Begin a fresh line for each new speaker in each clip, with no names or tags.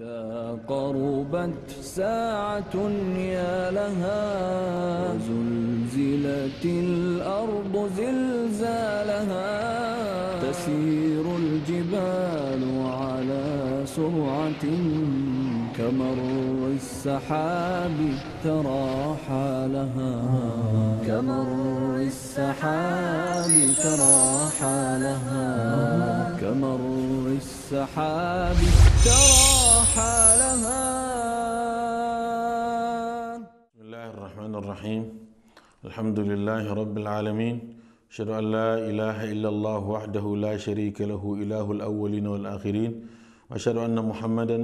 إذا قربت ساعة يا لها زلزلت الأرض زلزالها تسير الجبال على سرعة كمر السحاب ترى حالها كمر السحاب ترى حالها كمر السحاب ترى حالها بسم الله الرحمن الرحيم الحمد لله رب العالمين أشهد أن لا إله إلا الله وحده لا شريك له إله الأولين والآخرين وأشهد أن محمدا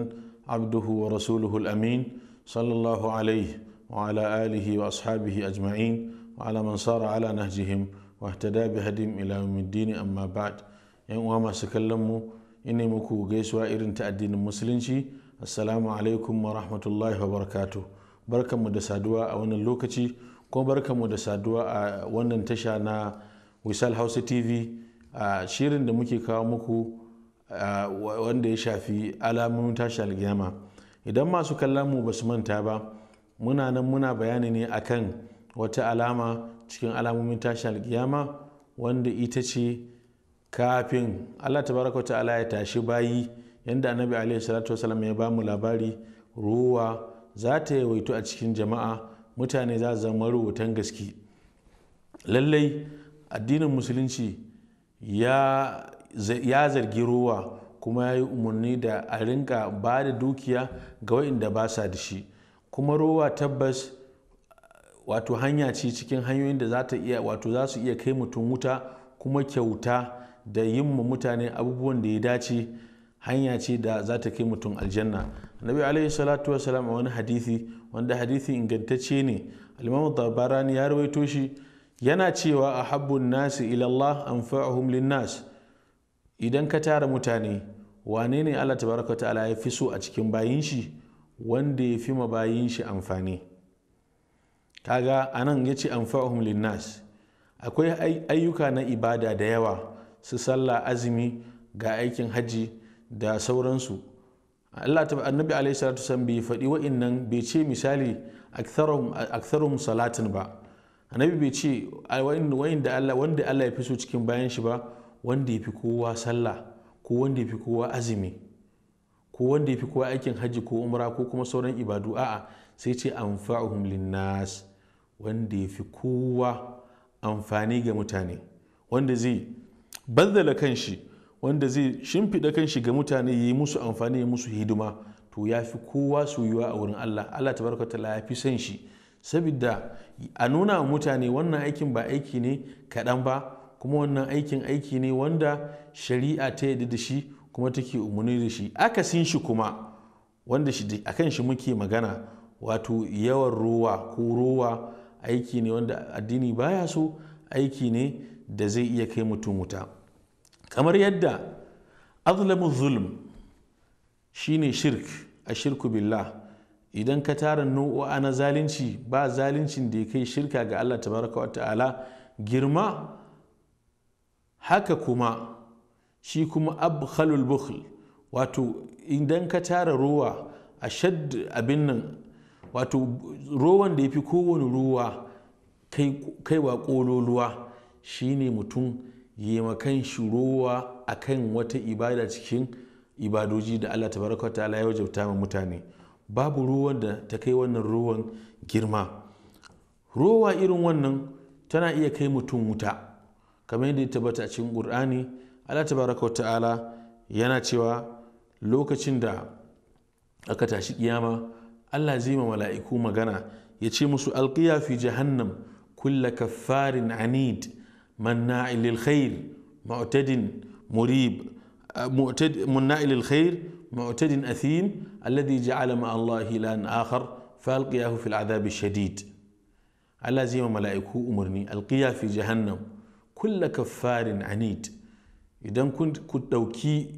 عبده ورسوله الأمين صلى الله عليه وعلى آله وأصحابه أجمعين وعلى من صار على نهجهم واهتدى بهديم إلى يوم الدين أما بعد يوم وما سكلموا ina muku gaisuwa irin ta addinin musulunci assalamu alaikum wa rahmatullahi wa barakatu barkanmu da saduwa a wannan lokaci kuma barkanmu da saduwa a wannan tasha na wisal hausa tv a shirin da muke kawo muku wanda ya shafi alamomin tashi alkiyama idan masu kallon mu basu manta ba muna nan muna bayani ne akan wata alama cikin alamomin tashi alkiyama wanda ita ce kafin Allah tabaraka ta'ala ya tashi bayi yanda annabi alaihi salatu wasallam ya ba mu labari ruwa za ta yawaitu a cikin jama'a mutane za su zama rubutan gaske lallai addinin musulunci ya zargi ruwa kuma ya yi umarni da a rinka ba da dukiya ga waɗanda ba sa da shi kuma ruwa tabbas wato hanya ce cikin hanyoyin da za su iya kai mutum wuta kuma kyauta da yin mu mutane abubuwan da ya dace hanya ce da za ta kai mutum aljanna nabi alaihi salatu salam a wani hadisi wanda hadisi ingantacce ne alimamu tabarani ya rawaito shi yana cewa a habbun nasi ilallah an fa'ahum linnas idan ka tara mutane wane ne allah tabaraka ta'ala ya fi so a cikin bayin shi wanda ya fi ma bayin shi amfani kaga anan ya ce an fa'ahum linnas akwai ayyuka na ibada da yawa su sallah azumi ga aikin hajji da sauransu Allah ta annabi alaihi salatu wasallam bai faɗi wa'innan bai ce misali aktharum salatin ba annabi bai ce wanda Allah wanda Allah ya fi so cikin bayan shi ba wanda ya fi kowa sallah ko wanda ya fi kowa azumi ko wanda ya fi kowa aikin hajji ko umra ko kuma sauran ibadu a'a sai ce anfa'uhum linnas wanda ya fi kowa amfani ga mutane wanda zai bazzala kanshi wanda zai shimfiɗa kanshi ga mutane ya yi musu amfani yi musu hidima to ya fi kowa soyuwa a wurin Allah Allah ta ta'ala ya fi son shi saboda a nuna mutane wannan aikin ba aiki ne kaɗan ba kuma wannan aikin aiki ne wanda shari'a ta yadda da shi kuma take umarni da shi akasin shi kuma wanda shi a kan shi muke magana wato yawan ruwa ko ruwa aiki ne wanda addini baya so aiki ne da zai iya kai mutum wuta kamar yadda azlamu zulm shine shirk a shirku billah idan ka tara nau'o'a na zalunci ba zaluncin da ya kai shirka ga Allah tabaraka wa ta'ala girma haka kuma shi kuma abkhalul bukhl wato idan ka tara ruwa a shad abin nan wato rowan da ya fi kowane ruwa kaiwa ƙololuwa shine mutum yemakan shirowa kan wata ibada cikin ibadoji da Allah tabaraka ta'ala ya wajabta ma mutane babu ruwan da ta kai wannan ruwan girma ruwa irin wannan tana iya kai mutum wuta kamar yadda ya tabbata a cikin ƙur'ani Allah tabaraka ta'ala yana cewa lokacin da aka tashi kiyama Allah zai ma mala'iku magana ya ce musu alqiya fi jahannam kulla kaffarin anid مناع للخير معتد مريب معتد مناع للخير معتد أثيم الذي جعل مع الله إلها آخر فألقياه في العذاب الشديد على زي ما ملائكه أمرني ألقيا في جهنم كل كفار عنيد إذا كنت كنت دوكي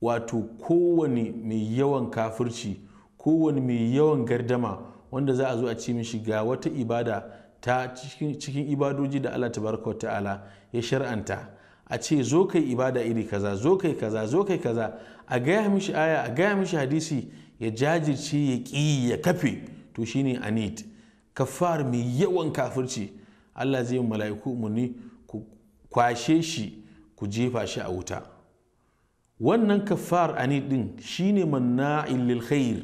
واتو كوني مي يوان كافرشي كوني مي يوان gardama wanda za a zo a ce mishi ga wata ibada ta cikin ibadoji da Allah tabaraka ta'ala ya shar'anta a ce zo kai ibada iri kaza zo kai kaza zo kai kaza a gaya mishi aya a gaya mishi hadisi ya jajirce ya ƙi ya kafe to shine anid kafar mai yawan kafirci Allah zai mala'iku muni ku kwashe shi ku jefa shi a wuta wannan kafar anid din shine manna'il lil khair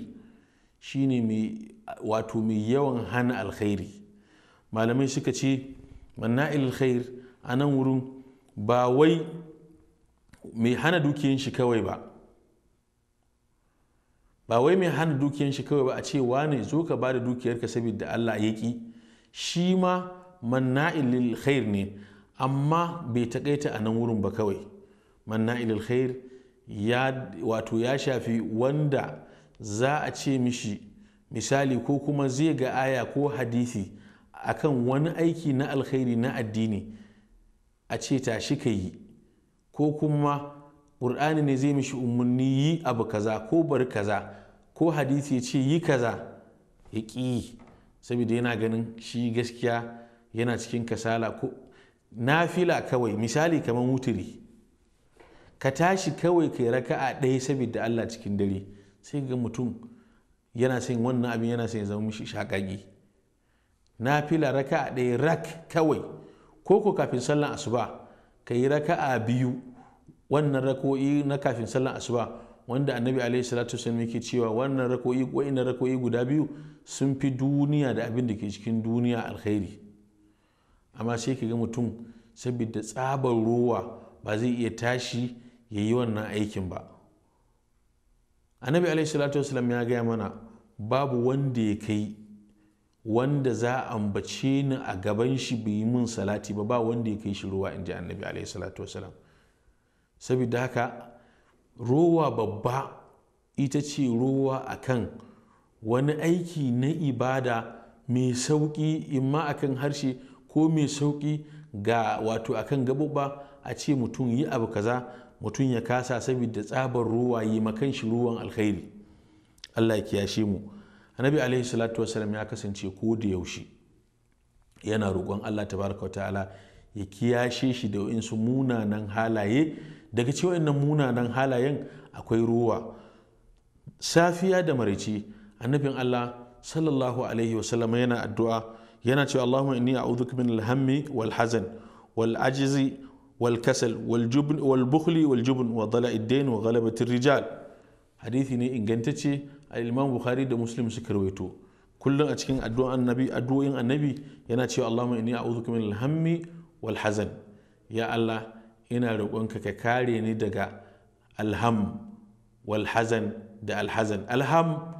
shine mai wato mai yawan hana alkhairi malamai suka ce manna'il khair a nan wurin ba wai mai hana dukiyan shi kawai ba ba wai mai hana dukiyan shi kawai ba a ce wane zo ka ba da dukiyarka saboda Allah ya ki shi ma manna'il khair ne amma bai takaita a nan wurin ba kawai manna'il khair ya wato ya shafi wanda za a ce mishi misali ko kuma zai ga aya ko hadisi akan wani aiki na alkhairi na addini a ce tashi ka yi ko kuma ƙur'ani ne zai mishi umarni yi abu kaza ko bari kaza ko hadisi ya ce yi kaza ya ƙi yi saboda yana ganin shi gaskiya yana cikin kasala ko nafila kawai misali kamar wuturi ka tashi kawai kai raka'a ɗaya saboda Allah cikin dare sai ga mutum yana sayin wannan abin yana sayin ya zama mishi shaƙaƙi Na nafila raka'a ɗaya rak kawai ko ko kafin sallan asuba ka yi raka'a biyu wannan rako'i na kafin sallan asuba wanda annabi alaihi salatu wasallam yake cewa wannan rako'i wa'innan rako'i guda biyu sun fi duniya da abin da ke cikin duniya alkhairi amma sai ka ga mutum saboda tsabar ruwa ba zai iya tashi ya yi wannan aikin ba annabi alaihi salatu wasallam ya gaya mana babu wanda ya kai wanda za a ambace ni a gaban shi bai yi min salati ba ba wanda ya kai shi ruwa in ji annabi alaihi salatu wasalam saboda haka ruwa babba ita ce rowa akan wani aiki na ibada mai sauƙi a akan harshe ko mai sauƙi ga wato akan gaɓuɓɓa a ce mutum yi abu kaza mutum ya kasa saboda tsabar ruwa yi makan shi ruwan alkhairi allah ya kiyashe mu annabi alaihi salatu wasallam ya kasance ko da yaushe yana roƙon allah tabaraka ta'ala ya kiyashe shi da wa'insu munanan halaye daga cewa nan munanan halayen akwai ruwa safiya da maraice annabin allah sallallahu alaihi wasallam yana addu'a yana cewa allahumma inni a'udhuka min alhammi wal hazan wal ajizi wal kasal wal bukhli wal jubn wa dala'i wa rijal hadithi ne ingantacce a imam bukhari da muslim suka rawaito kullum a cikin addu'an annabi addu'o'in annabi yana cewa allahumma inni a'udhuka min kuma wal hazan ya allah ina roƙonka ka kare ni daga alham walhazan da alhazan alham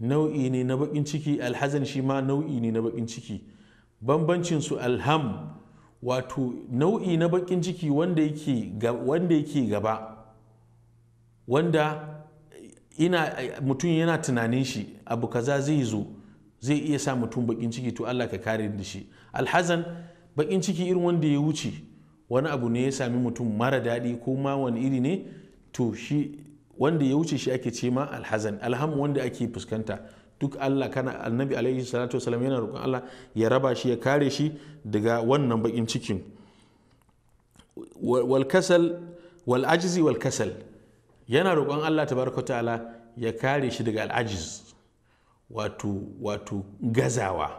nau'i ne na bakin ciki alhazan shi ma nau'i ne na bakin ciki bambancin su alham wato nau'i na bakin ciki wanda yake gaba wanda ina mutum yana tunanin shi abu kaza zai zo zai iya sa mutum bakin ciki to Allah ka kare da shi alhazan bakin ciki irin wanda ya wuce wani abu ne ya sami mutum mara daɗi ko ma wani iri ne to shi wanda ya wuce shi ake ce ma alhazan alham wanda ake fuskanta duk Allah kana annabi alaihi salatu wasallam yana roƙon Allah ya raba shi ya kare shi daga wannan bakin cikin wal kasal wal ajzi wal kasal yana roƙon Allah tabaraka ta'ala ya kare shi daga al'ajiz wato wato gazawa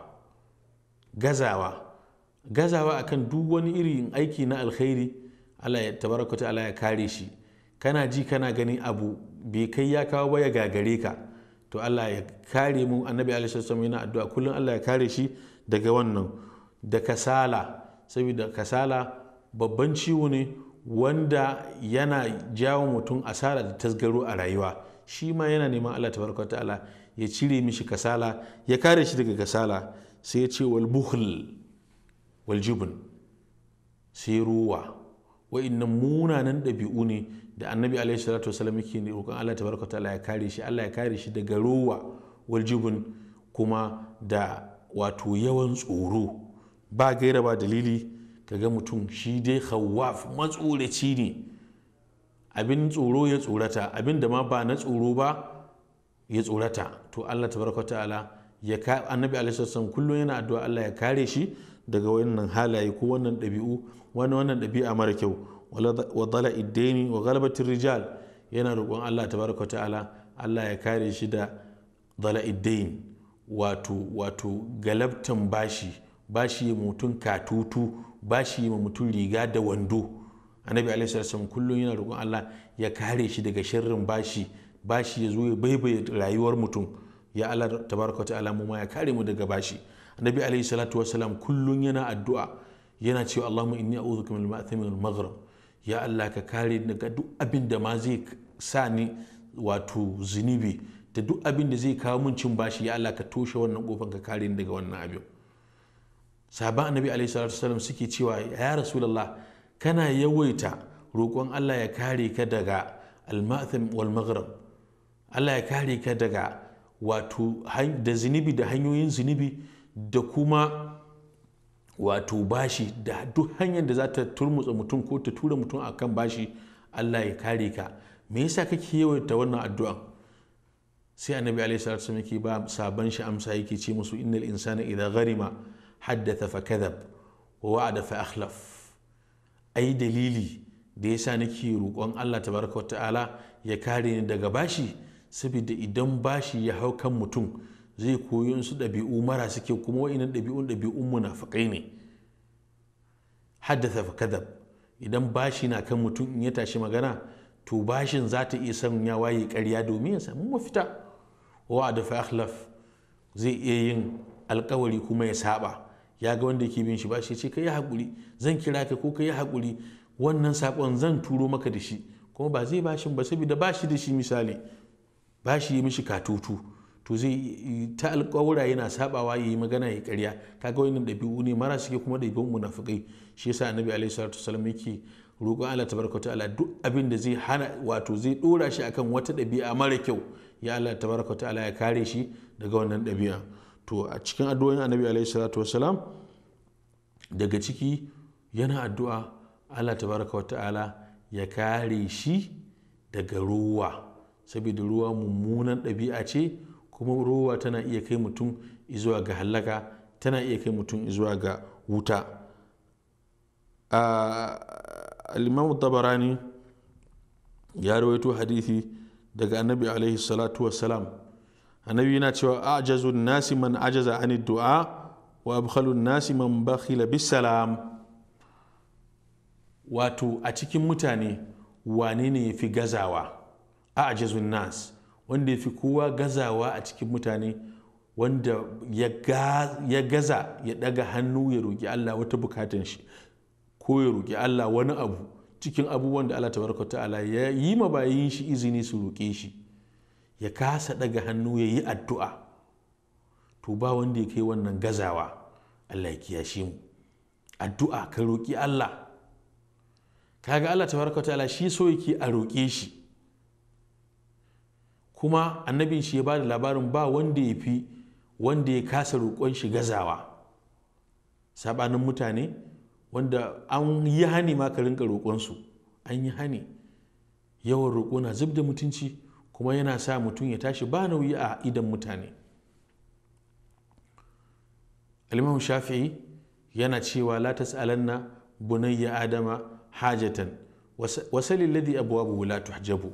gazawa gazawa akan duk wani irin aiki na alkhairi Allah ya tabaraka ta'ala ya kare shi kana ji kana gani abu bai kai ya kawo ba ya gagare ka to Allah ya kare mu annabi alaihi wasallam yana addu'a kullum Allah ya kare shi daga wannan da kasala saboda kasala babban ciwo ne wanda yana jawo mutum asara da tasgaro a rayuwa shi ma yana neman Allah tabaraka ta'ala ya cire mishi kasala ya kare shi daga kasala sai ya ce wal buhl wal jubn sai ruwa wa'annan munanan ɗabi'u ne da annabi alaihi salatu wasallam yake ne roƙon Allah tabaraka ta'ala ya kare shi Allah ya kare shi daga ruwa wal jubn kuma da wato yawan tsoro ba gaira ba dalili kaga mutum shi dai hawaf matsoraci ne abin tsoro ya tsorata abin da ma ba na tsoro ba ya tsorata to Allah tabaraka ta'ala ya ka annabi alaihi wasallam kullum yana addu'a Allah ya kare shi daga wannan halaye ko wannan ɗabi'u wani wannan ɗabi'a mara kyau wa dala iddaini wa galabatin rijal yana roƙon Allah tabaraka ta'ala Allah ya kare shi da dala iddain wato wato galabtan bashi bashi mutum katutu ba shi ma mutum riga da wando annabi alaihi wasallam kullum yana roƙon Allah ya kare shi daga sharrin bashi bashi ya zo ya baibaye rayuwar mutum ya Allah tabaraka ta'ala mu ma ya kare mu daga bashi annabi alaihi salatu kullum yana addu'a yana cewa Allahumma inni a'udhuka min al-ma'thami wal maghrib ya Allah ka kare daga duk abin da ma zai sa ni wato zunubi da duk abin da zai kawo mun cin bashi ya Allah ka toshe wannan kofan ka kare ni daga wannan abin sahaban annabi alaihi salatu suke cewa ya rasulullah kana yawaita roƙon Allah ya kare ka daga al wal maghrib Allah ya kare ka daga wato da zinubi da hanyoyin zunubi da kuma wato bashi da duk hanyar da za ta turmutsa mutum ko ta tura mutum akan bashi Allah ya kare ka me yasa kake yawaita wannan addu'a sai annabi alaihi salatu wasallam yake ba sabon shi amsa yake ce musu innal insana idza gharima haddata fa kadab, wa wa'ada fa akhlaf ai dalili da yasa nake roƙon Allah tabaraka wa ta'ala ya kare ni daga bashi saboda idan bashi ya hau kan mutum zai koyi su ɗabi'u mara suke kuma wa'inan ɗabi'un ɗabi'un munafiƙai ne haddata fa kadab, idan bashi na kan mutum in ya tashi magana to bashin za ta iya ya waye ƙarya domin ya samu mafita wa da fa akhlaf zai iya yin alkawari kuma ya saba ya ga wanda yake bin shi ba shi ce ka yi haƙuri zan kira ka ko ka yi haƙuri wannan saƙon zan turo maka da shi kuma ba zai ba shi ba saboda shi da shi misali ba shi yi mishi katutu to zai ta alƙawura yana saɓawa ya yi magana ya ƙarya ga wannan ɗabi'u ne mara suke kuma ɗabi'un munafikai shi yasa annabi alaihi salatu wasallam yake roƙon Allah tabaraka ta'ala duk abin da zai hana wato zai ɗora shi akan wata ɗabi'a mara kyau ya Allah tabaraka ta'ala ya kare shi daga wannan ɗabi'a to a cikin addu'o'in annabi alaihi salatu wasalam daga ciki yana addu'a allah tabaraka wa ta'ala ya kare shi daga ruwa saboda ruwa mummunan ɗabi'a ce kuma ruwa tana iya kai mutum zuwa ga hallaka tana iya kai mutum zuwa ga wuta al'imamu tabarani ya rawaito hadithi daga annabi alaihi salatu wasalam annabi yana cewa ajazu nasi man ajaza ani du'a wa abkhalu nasi man bakhila bisalam wato a cikin mutane wane ne ya fi gazawa ajazu nas wanda yafi kowa gazawa a cikin mutane wanda ya gaza ya daga hannu ya roki Allah wata bukatun shi ko ya roƙi Allah wani abu cikin abubuwan da Allah tabaraka ta'ala ya yi ma bayin shi izini su roƙe shi ya kasa daga hannu ya yi addu'a to ba wanda ya kai wannan gazawa Allah ya kiyashe mu addu'a ka roƙi Allah kaga Allah Ta tabaraka ta'ala shi so yake a roƙe shi kuma annabin shi ya ba da labarin ba wanda ya fi wanda ya kasa roƙon shi gazawa Saɓanin mutane wanda an yi hani ma ka rinka roƙonsu an yi hani yawan roƙo na zub da mutunci kuma yana sa mutun ya tashi ba nauyi a idan mutane Al-Imam shafi'i yana cewa la tas'alanna bunayya adama hajatan wasal alladhi abwabu la tuhjabu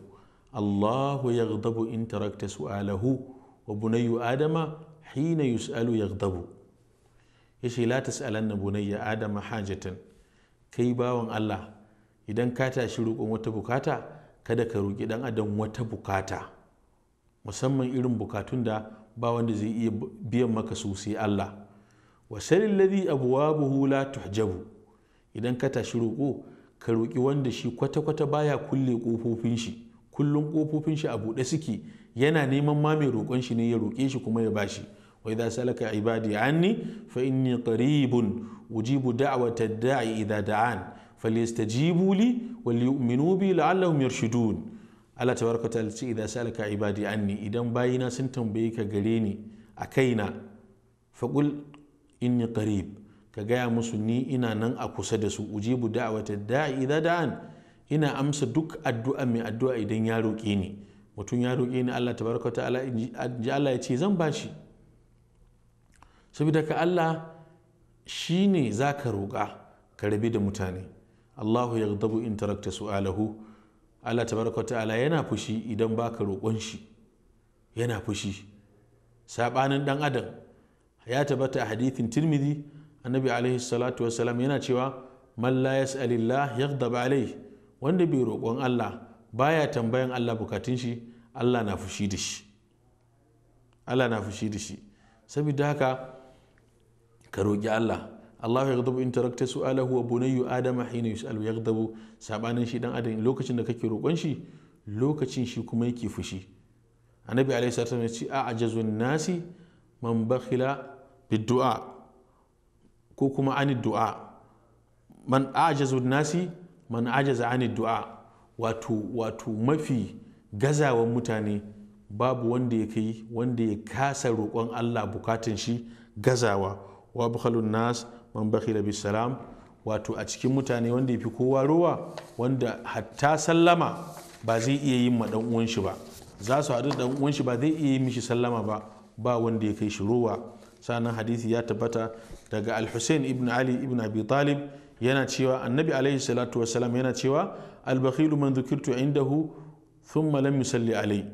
الله يغضب إن تركت سؤاله وبني آدم حين يسأل يغضب يشي لا تسألن بني آدم حاجة كي باون الله إذا كاتا شروق ومتبكاتا kada ka roƙi ɗan adam wata bukata musamman irin bukatun da ba wanda zai iya biyan maka su sai Allah wa sharil ladhi abwabuhu la tuhjabu idan ka tashi roƙo ka roƙi wanda shi kwata-kwata baya kulle kofofin shi kullum ƙofofin shi a buɗe suke yana neman ma mai roƙon shi ne ya roƙe shi kuma ya bashi wa idza salaka ibadi anni fa inni qaribun ujibu da'wata da'i idza da'an falyastajibu li wal yu'minu bi la'allahum yarshudun Allah tabaraka ta'ala ce idan salaka ibadi anni idan bayina sun tambaye ka gare ni a kaina faqul inni qarib ka gaya musu ni ina nan a kusa da su ujibu da'wata da'i idza da'an ina amsa duk addu'a mai addu'a idan ya roƙe ni mutum ya roƙe ni Allah tabaraka ta'ala ji Allah ya ce zan bashi saboda ka Allah shine zaka roƙa ka rabi da mutane Allahu ya gdabu in tarakta su'alahu Allah tabaraka ta'ala yana fushi idan baka roƙon shi yana fushi sabanin dan adam ya tabbata a hadithin tirmidhi annabi alaihi salatu wasalam yana cewa man la yas'alillah yaghdab alayhi wanda bai roƙon Allah baya tambayan Allah bukatun shi Allah na fushi da shi Allah na fushi da shi saboda haka ka roƙi Allah Allah ya gadabu in tarakta su'alahu wa bunayyu adama hina yus'alu ya gadabu sabanin shi dan adam lokacin da kake roƙon shi lokacin shi kuma yake fushi annabi alaihi salatu ya ce a ajazun nasi man bakhila biddu'a ko kuma ani du'a man ajazun nasi man ajaza ani du'a wato wato mafi gazawan mutane babu wanda ya kai wanda ya kasa roƙon Allah bukatun shi gazawa wa bukhalun nas man bakhila bi salam wato a cikin mutane wanda ya fi kowa ruwa wanda hatta sallama ba zai iya yin ma dan shi ba za su haɗu dan uwan shi ba zai iya yi mishi sallama ba ba wanda ya kai shi ruwa sanan hadisi ya tabbata daga al-Hussein ibn Ali ibn Abi Talib yana cewa annabi alaihi salatu yana cewa al-bakhilu man dhukirtu indahu thumma lam yusalli alai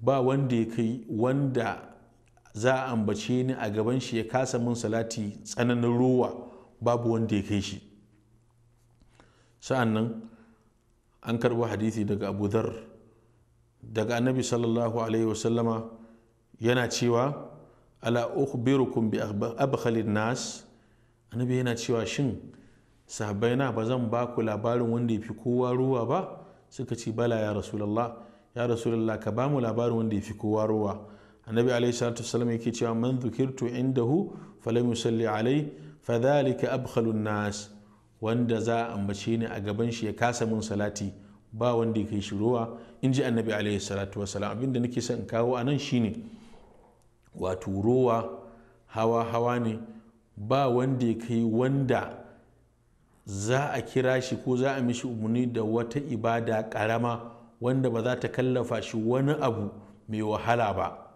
ba wanda ya kai wanda za a ambace ni a gaban shi ya kasa min salati tsananin ruwa babu wanda ya kai shi Sa'annan an karbi hadithi daga abu dhar daga annabi sallallahu alaihi wasallama yana cewa ala ukhbirukum bi abkhalin nas annabi yana cewa shin sahabbai na ba zan ba ku labarin wanda ya fi kowa ruwa ba suka ce bala ya rasulallah ya rasulallah ka ba mu labarin wanda ya fi kowa ruwa annabi alaihi salatu wasallam yake cewa man dhukirtu indahu falam yusalli alai fadhalika abkhalun nas wanda za a ambace ni a gaban shi ya kasa mun salati ba wanda yake shiruwa in ji annabi alaihi salatu wasallam abinda nake son kawo anan shine wato rowa hawa hawa ne ba wanda ya kai wanda za a kira shi ko za a mishi umarni da wata ibada karama wanda ba za ta kallafa shi wani abu mai wahala ba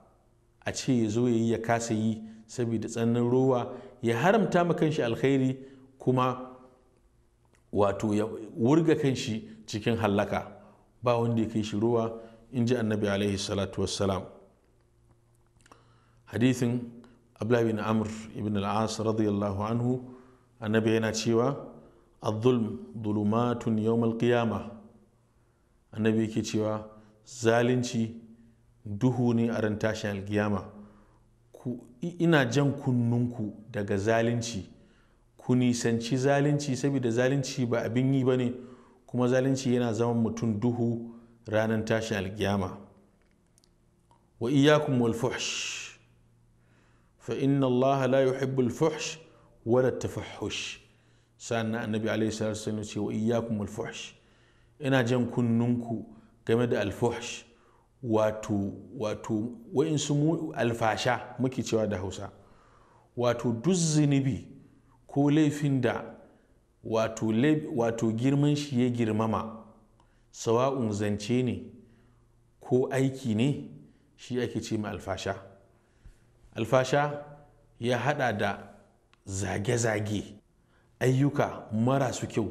a ce ya zo ya yi ya kasa yi saboda tsananin rowa ya haramta ma kanshi alkhairi kuma wato ya wurga kanshi cikin hallaka ba wanda ya kai shi rowa in ji annabi alaihi salatu wassalam hadithin abdullahi bin amr ibn al'as radiyallahu anhu annabi yana cewa الظلم ظلمات يوم القيامة annabi yake cewa zalunci duhu ne a ran tashin alkiyama ina jan kunnunku daga zalunci ku nisanci zalunci saboda zalunci ba abin yi ba ne kuma zalunci yana zama mutum duhu ranar tashin alkiyama wa iyakum wal fa inna allaha la yuhibbul fush wala tafahush sa'an annabi alaihi salatu wasallam ce wa iyyakum al ina jan kunnunku game da al fuhsh wato wato wa'insu alfasha muke cewa da hausa wato duk zunubi ko laifin da wato, girman shi ya girmama sawa'un zance ne ko aiki ne shi ake ce ma alfasha alfasha ya hada da zage-zage ayyuka marasu kyau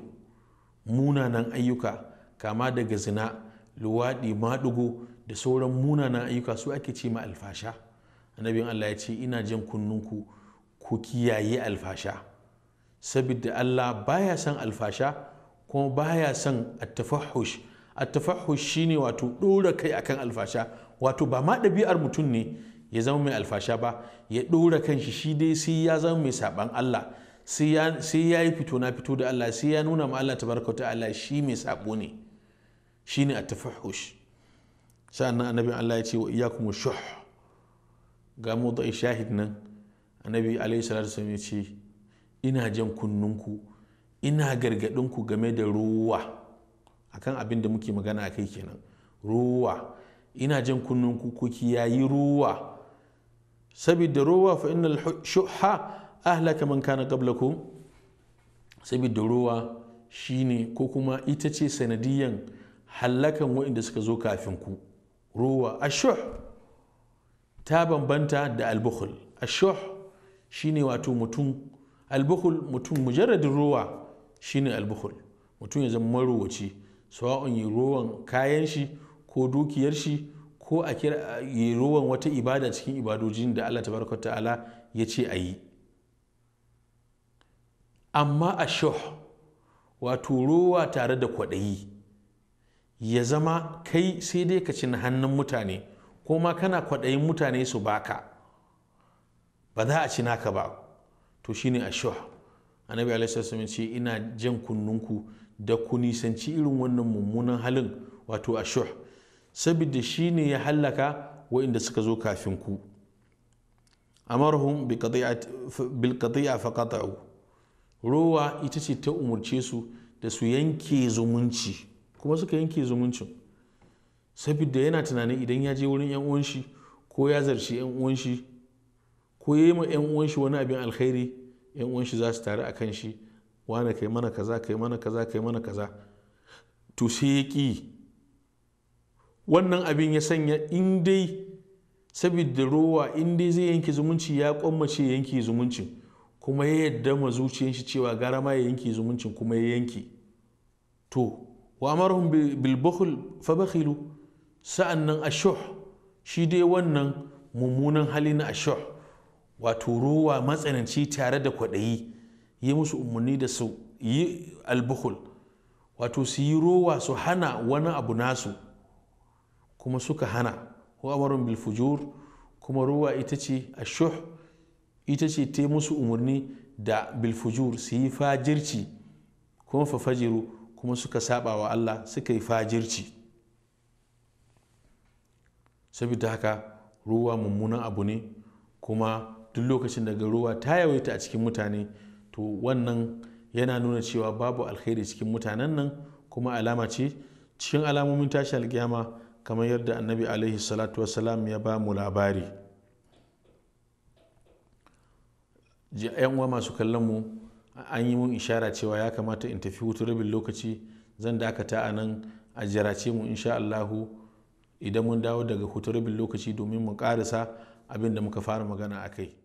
munanan ayyuka kama daga zina luwaɗi maɗugo da sauran munanan ayyuka su ake ce ma alfasha annabin Allah ya ce ina jan kunnunku ku kiyaye alfasha saboda Allah baya san alfasha kuma baya son attafahush attafahush shine wato ɗora kai akan alfasha wato ba ma ɗabi'ar mutum ne ya zama mai alfasha ba ya ɗora kanshi shi dai sai ya zama mai saɓan Allah sai ya yi fito na fito da Allah sai ya nuna ma Allah tabaraka ta'ala shi mai saɓo ne shine attafahush sa'annan annabin Allah ya ce wa kuma shuh ga mawdu'i shahid nan annabi alaihi salatu wasallam ya ce ina jan kunnunku ina gargadinku game da ruwa akan abin da muke magana kai kenan ruwa ina jan kunnunku ku kiyayi ruwa saboda ruwa fa innal shuha ahlaka man kana qablakum saboda ruwa shine ko kuma ita ce sanadiyan hallakan waɗanda suka zo kafin ku ruwa ashuh ta bambanta da albukhul ashuh shine wato mutum albukhul mutum mujarradin ruwa shine albukhul mutum ya zama maruwaci sawa'un yi ruwan kayan shi ko dukiyar shi ko a yi ruwan wata ibada cikin ibadojin da Allah tabaraka ta'ala ya ce a yi amma ashuh wato ruwa tare da kwaɗayi ya zama kai sai dai ka cin hannun mutane ko ma kana kwaɗayin mutane su baka ba za a ci naka ba to shine ashuh annabi alaihi wasallam ce ina jan kunnunku da ku nisanci irin wannan mummunan halin wato ashuh saboda shine ya hallaka waɗanda suka zo kafin ku amarhum bil qati'a fa rowa ita ce ta umurce su da su yanke zumunci kuma suka yanke zumuncin saboda yana tunanin idan ya je wurin yan uwan ko ya zarci yan uwan shi ko ya yi ma yan uwan wani abin alkhairi yan uwan za su taru a kan shi wane kai mana kaza kai mana kaza kai mana kaza to sai ya ki wannan abin ya sanya in dai saboda rowa in dai zai yanke zumunci ya kwammace yanke zumuncin kuma ya yadda ma zuciyar shi cewa gara ma ya yanke zumuncin kuma ya yanke to wa amarhum bil bukhl fa bakhilu sa'annan ashuh shi dai wannan mummunan hali na ashuh wato ruwa matsananci tare da kwaɗayi yi musu umarni da su yi albuhul wato su yi rowa su hana wani abu nasu kuma suka hana ko amarun bilfujur kuma rowa ita ce ashuh ita ta musu umarni da bilfujur su yi fajirci kuma fafajiru kuma suka saba wa Allah suka yi fajirci saboda haka ruwa mummunan abu ne kuma duk lokacin daga ruwa ta yawaita a cikin mutane to wannan yana nuna cewa babu alkhairi cikin mutanen nan kuma alama ce cikin alamomin tashi alkiyama kamar yadda annabi alaihi salatu wasalam ya ba mu labari yan uwa masu kallon mu an yi mun ishara cewa ya kamata in tafi hutu rabin lokaci zan dakata a nan a jirace mu insha Allahu idan mun dawo daga hutu rabin lokaci domin mu karisa abin da muka fara magana a kai